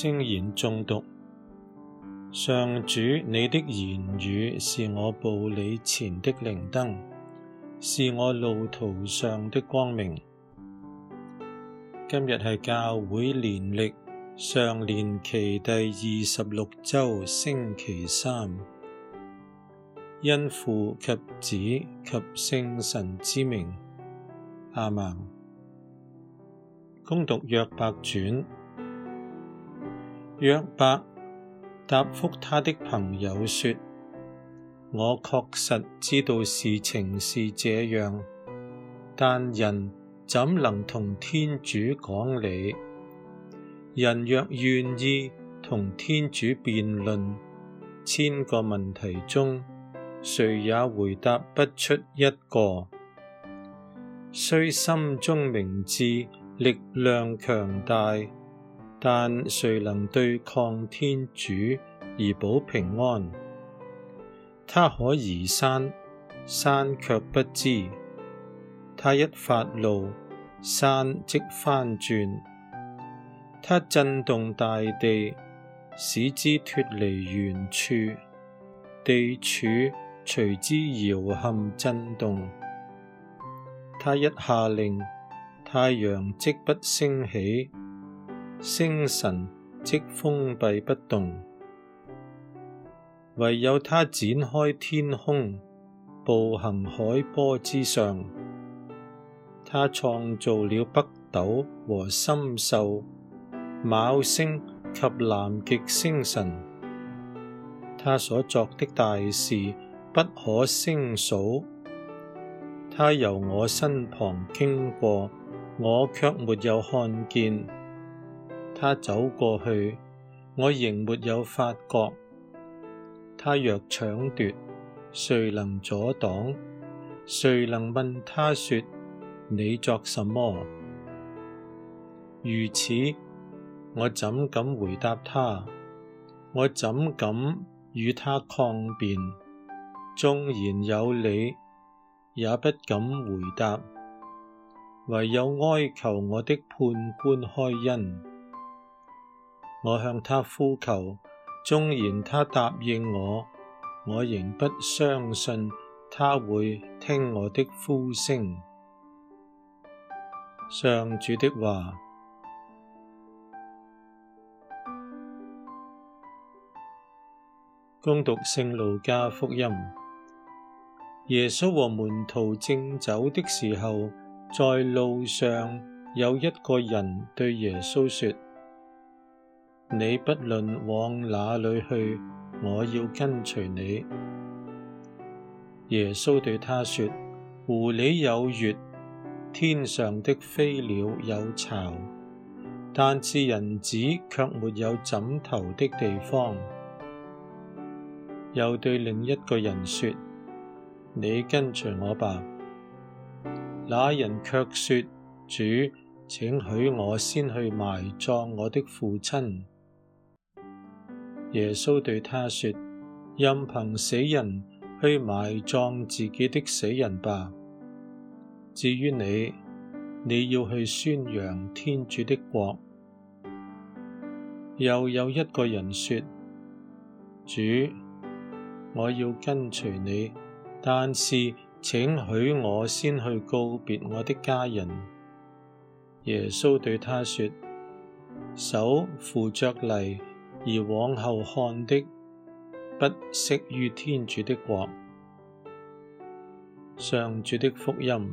聖言誦讀。上主，你的言語是我步履前的靈燈，是我路途上的光明。今日係教會年曆常年期第二十六周星期三，因父及子及聖神之名，阿門。恭讀約伯傳。約伯答覆他的朋友說：我確實知道事情是這樣，但人怎能同天主講理？人若願意同天主辯論，千個問題中，誰也回答不出一個。雖心中明智，力量強大。但誰能對抗天主而保平安？他可移山，山卻不知；他一發怒，山即翻轉；他震動大地，使之脫離原處，地柱隨之搖撼震動；他一下令，太陽即不升起。星辰即封閉不動，唯有他展開天空，步行海波之上。他創造了北斗和參宿、昴星及南極星辰。他所作的大事不可勝數。他由我身旁經過，我却沒有看見。他走過去，我仍沒有發覺。他若搶奪，誰能阻擋？誰能問他說：你作什麼？如此，我怎敢回答他？我怎敢與他抗辯？縱然有理，也不敢回答，唯有哀求我的判官開恩。我向他呼求，縱然他答應我，我仍不相信他會聽我的呼聲。上主的話。恭讀聖路加福音，耶穌和門徒正走的時候，在路上有一個人對耶穌說。你不論往哪裏去，我要跟隨你。耶穌對他說：狐狸有穴，天上的飛鳥有巢，但是人子卻沒有枕頭的地方。又對另一個人說：你跟隨我吧。那人卻說：主，請許我先去埋葬我的父親。耶穌對他說：任憑死人去埋葬自己的死人吧，至於你，你要去宣揚天主的國。又有一個人說：主，我要跟隨你，但是請許我先去告別我的家人。耶穌對他說：手扶着犁，而往後看的，不適於天主的國，上主的福音。